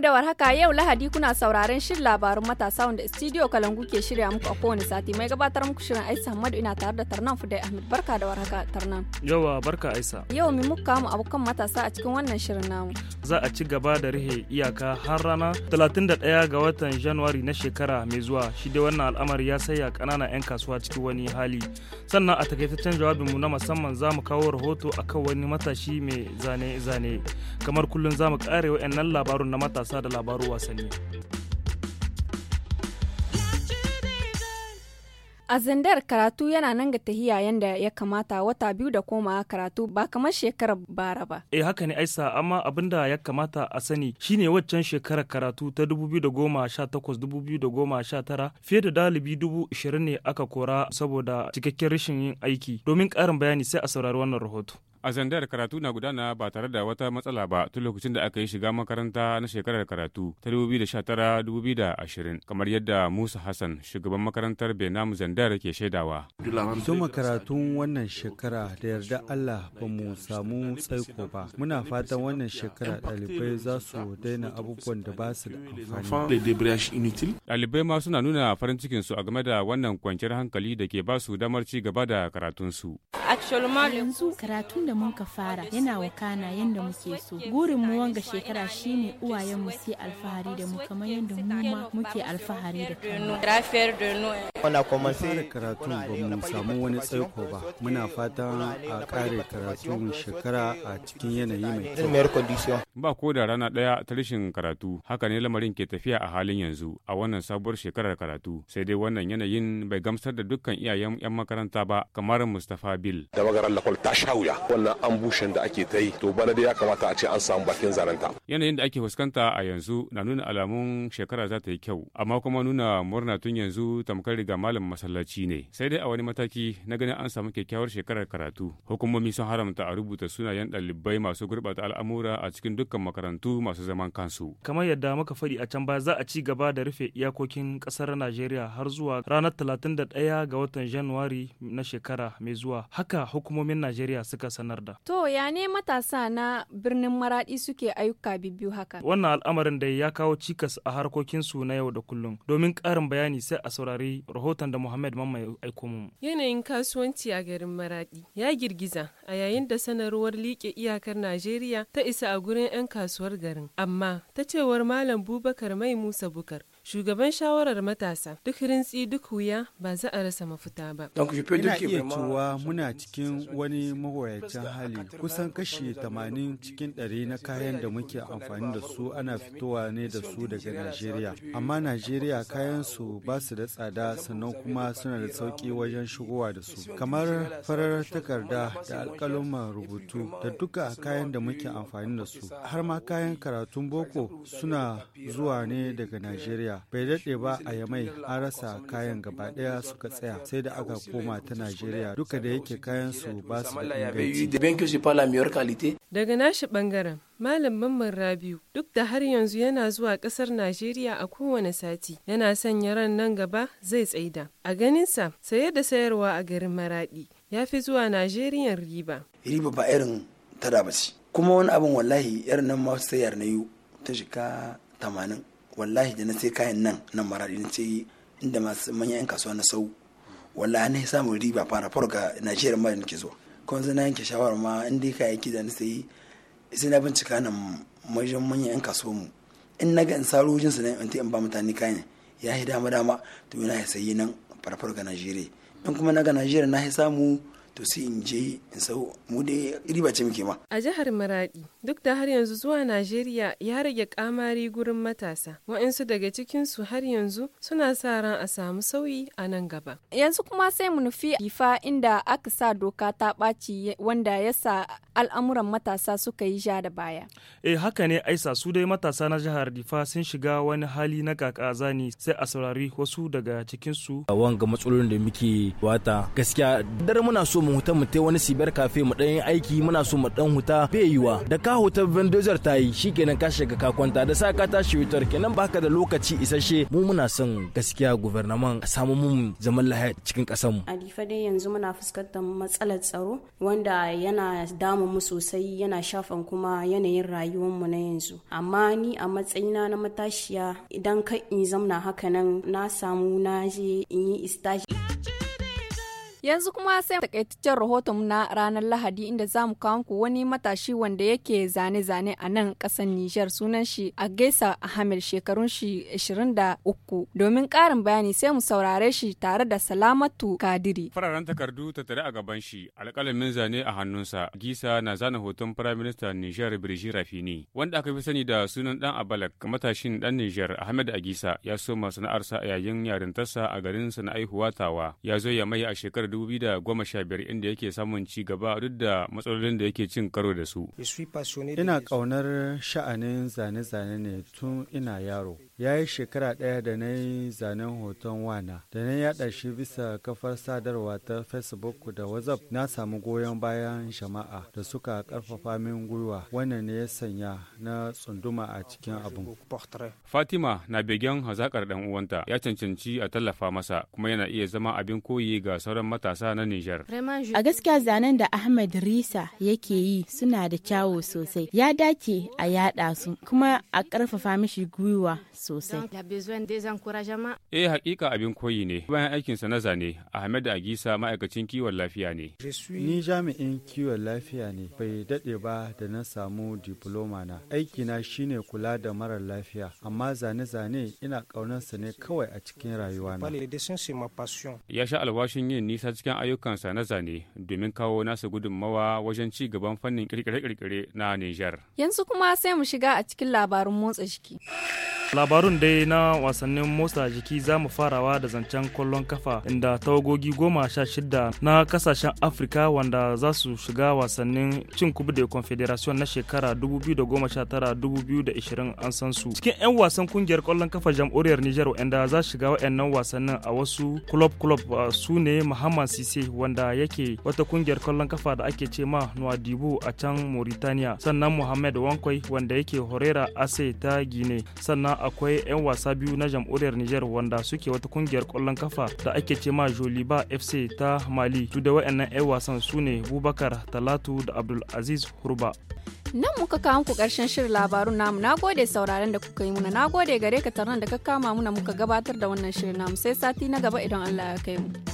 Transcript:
da warhaka yau Lahadi kuna sauraren shirin labarun matasa wanda studio Kalangu ke shirya muku a kowane sati mai gabatar muku shirin aisa Hamadu ina tare da Tarnan Fudai Ahmed barka da warhaka Tarnan. Yawa barka aisa. Yau mu muka mu abokan matasa a cikin wannan shirin namu. Za a ci gaba da rihe iyaka har rana 31 ga watan January na shekara mai zuwa shi dai wannan al'amari ya saya kanana 'yan kasuwa cikin wani hali. Sannan a takaitaccen jawabinmu na musamman za mu kawo rahoto akan wani matashi mai zane-zane kamar kullum za mu kare wa'annan labarun na matasa matasa da labarin wasanni. A zandar karatu yana nan ga tahiya yanda ya kamata wata biyu da koma karatu ba kamar shekarar bara ba. Eh haka ne Aisa amma abin da ya kamata a sani shine waccan shekarar karatu ta 2018-2019 fiye da dalibi 20,000 ne aka kora saboda cikakken rashin yin aiki. Domin karin bayani sai a saurari wannan rahoto. A zandar karatu na gudana ba tare da wata matsala ba tun lokacin da aka yi shiga makaranta na shekarar karatu ta 2019-2020 kamar yadda Musa Hassan shugaban makarantar Benam Zandar ke shaidawa. Soma karatun wannan shekara da yarda Allah ba mu samu tsaiko ba. Muna fatan wannan shekara ɗalibai za su daina abubuwan da ba su da amfani. ma suna nuna farin cikin su a game da wannan kwanciyar hankali da ke ba su damar ci gaba da karatunsu. Yanzu da mun ka fara yana wakana yadda muke so gurin mu wanga shekara shine uwayen mu sai alfahari da mu kamar yadda mu ma muke alfahari da kanmu Mun fara karatu ba mu samu wani tsaiko ba. Muna fatan a kare karatu shekara a cikin yanayi mai kyau. Ba ko da rana ɗaya ta rashin karatu, haka ne lamarin ke tafiya a halin yanzu a wannan sabuwar shekarar karatu. Sai dai wannan yanayin bai gamsar da dukkan iyayen 'yan makaranta ba kamar Mustapha bil. Da magaran lakwal ta shawuya wannan ambushin da ake ta yi to bana dai ya kamata a ce an samu bakin zaranta. Yanayin da ake fuskanta a yanzu na nuna alamun shekara za ta yi kyau amma kuma nuna murna tun yanzu tamkar ga malam masallaci ne sai dai a wani mataki na ganin an samu kyakkyawar shekarar karatu hukumomi sun haramta a rubuta sunayen ɗalibai masu gurɓata al'amura a cikin dukkan makarantu masu zaman kansu kamar yadda muka faɗi a can baya za a ci gaba da rufe iyakokin ƙasar najeriya har zuwa ranar ɗaya ga watan januwari na shekara mai zuwa haka hukumomin najeriya suka sanar da to ya ne matasa na birnin maradi suke ayyuka biyu haka wannan al'amarin da ya kawo cikas a harkokinsu na yau da kullum domin ƙarin bayani sai a saurari rahoton da Muhammad Mamma ya aiko mu. Yanayin kasuwanci a garin Maradi ya girgiza a yayin da sanarwar liƙe iyakar Najeriya ta isa a gurin 'yan kasuwar garin. Amma ta cewar Malam Bubakar Mai Musa Bukar Shugaban shawarar matasa duk rintsi duk wuya ba za a rasa mafita ba. Ina iya cewa muna cikin wani mawayacin hali kusan kashi 80 cikin ɗari na kayan da muke amfani da su ana fitowa ne da su daga Najeriya. Amma Najeriya kayan su ba su da tsada sannan kuma suna da sauƙi wajen shigowa da su. Kamar farar takarda da alƙaluman rubutu da duka kayan da muke amfani da su. Har ma kayan karatun boko suna zuwa ne daga Najeriya. Najeriya bai daɗe ba a Yamai an rasa kayan gaba ɗaya suka tsaya sai da aka koma ta Najeriya duka da yake kayan su ba su inganci. Daga nashi bangaren Malam Mamman Rabiu duk da har yanzu yana zuwa ƙasar Najeriya a kowane sati yana sanya ran nan gaba zai tsaida. A ganinsa saye da sayarwa a garin Maraɗi ya fi zuwa Najeriyan riba. Riba ba irin tada ba kuma wani abin wallahi irin nan masu sayar na yi ta shika tamanin wallahi da na sai kayan nan nan marar na ce inda masu manyan 'yan kasuwa na sau wallahi na samun riba fara fara ga najeriya ma da nake zuwa kuma zai na yanke shawara ma inda ya kayayyaki da na sai sai na bincika nan majan manyan 'yan kasuwa mu in na ga in saro jin su na in in ba mutane kayan ya yi dama dama to yana ya sayi nan faru ga najeriya in kuma na ga najeriya na ya samu to sai in je in sau mu dai riba ce muke ma. A jihar Maradi duk da har yanzu zuwa Najeriya ya rage kamari gurin matasa wa'insu daga cikinsu har yanzu suna sa ran a samu sauyi a nan gaba. Yanzu kuma sai mu nufi ifa inda aka sa doka ta ɓaci wanda ya sa al'amuran matasa suka yi ja da baya. Eh haka ne Aisa su dai matasa na jihar Difa sun shiga wani hali na kakazani sai a saurari wasu daga su. Wanga matsalolin da muke wata gaskiya dare muna so so mu huta mu tai wani sibar kafe mu dan aiki muna so mu ɗan huta bai yiwa da ka huta bulldozer ta yi shikenan ka shiga ka kwanta da sa ka tashi wutar kenan baka da lokaci isasshe mu muna son gaskiya gouvernement a samu mu zaman lahiya cikin kasar mu alifa dai yanzu muna fuskantar matsalar tsaro wanda yana damu mu sosai yana shafan kuma yanayin rayuwar mu na yanzu amma ni a matsayina na matashiya idan kan in zamna haka nan na samu na je in yi istashi Yanzu kuma sai takaitaccen rahoton na ranar Lahadi inda za mu kawo muku wani matashi wanda yake zane-zane a nan ƙasar Nijar sunan shi a Gaisa Ahmed shekarun shi 23. Domin ƙarin bayani sai mu saurare shi tare da Salamatu Kadiri. Fararen takardu ta tare a gaban shi, alƙalamin zane a hannunsa. Gisa na zana hoton Firayim minister Nijar Birji Rafini, wanda aka fi sani da sunan Dan Abalak, matashin Dan Nijar Ahmed Agisa ya soma sana'arsa a yayin yarintarsa a garin sana'ai Huwatawa. Ya zo ya mai a shekarar 2015 inda yake samun ci gaba duk da matsalolin da yake cin karo da su. Ina ƙaunar sha'anin zane-zane ne tun ina yaro. ya yi shekara ɗaya da na yi zanen hoton wana da na yaɗa shi bisa kafar sadarwa ta facebook da whatsapp na samu goyon bayan jama'a da suka karfafa min gwiwa wannan ne ya sanya na tsunduma a cikin abin fatima na begen hazakar dan uwanta ya cancanci a tallafa masa kuma yana iya zama abin koyi ga sauran matasa na nijar a gaskiya zanen da ahmed risa yake yi suna da kyawu sosai ya dace a yaɗa su kuma a karfafa mishi gwiwa sosai. Eh hakika abin koyi ne. Bayan aikinsa na zane, Ahmed Agisa ma'aikacin kiwon lafiya ne. Ni jami'in kiwon lafiya ne. Bai dade ba da na samu diploma na. Aikina shine kula da marar lafiya, amma zane-zane ina kaunarsa ne kawai a cikin rayuwa na. Ya sha alwashin yin nisa cikin ayyukan sa na zane domin kawo nasa gudunmawa wajen ci gaban fannin kirkire-kirkire na Nijar. Yanzu kuma sai mu shiga a cikin labarun motsa jiki. labarun dai na wasannin motsa jiki za mu farawa da zancen kwallon kafa inda tawagogi goma sha shida na kasashen afirka wanda za su shiga wasannin cin kubu da confederation na shekara 2019-2020 an san su cikin 'yan wasan kungiyar kwallon kafa jam'uriyar niger wanda za shiga wa'annan wasannin a wasu club club su ne muhammad sise wanda yake wata kungiyar kwallon kafa da ake ce ma nwadibu a can mauritania sannan muhammad wankwai wanda yake horera ase ta gine sannan a akwai 'yan wasa biyu na jam'uriyar Nijar wanda suke wata kungiyar kwallon kafa da ake ce ma Joliba FC ta Mali. Duk da wayannan 'yan wasan su ne Bubakar Talatu da Abdulaziz Hurba. Nan muka kawo muku karshen shirin labarun namu na gode sauraron da kuka yi muna na gode gare ka taron da ka kama muna muka gabatar da wannan shirin namu sai sati na gaba idan Allah ya kai mu.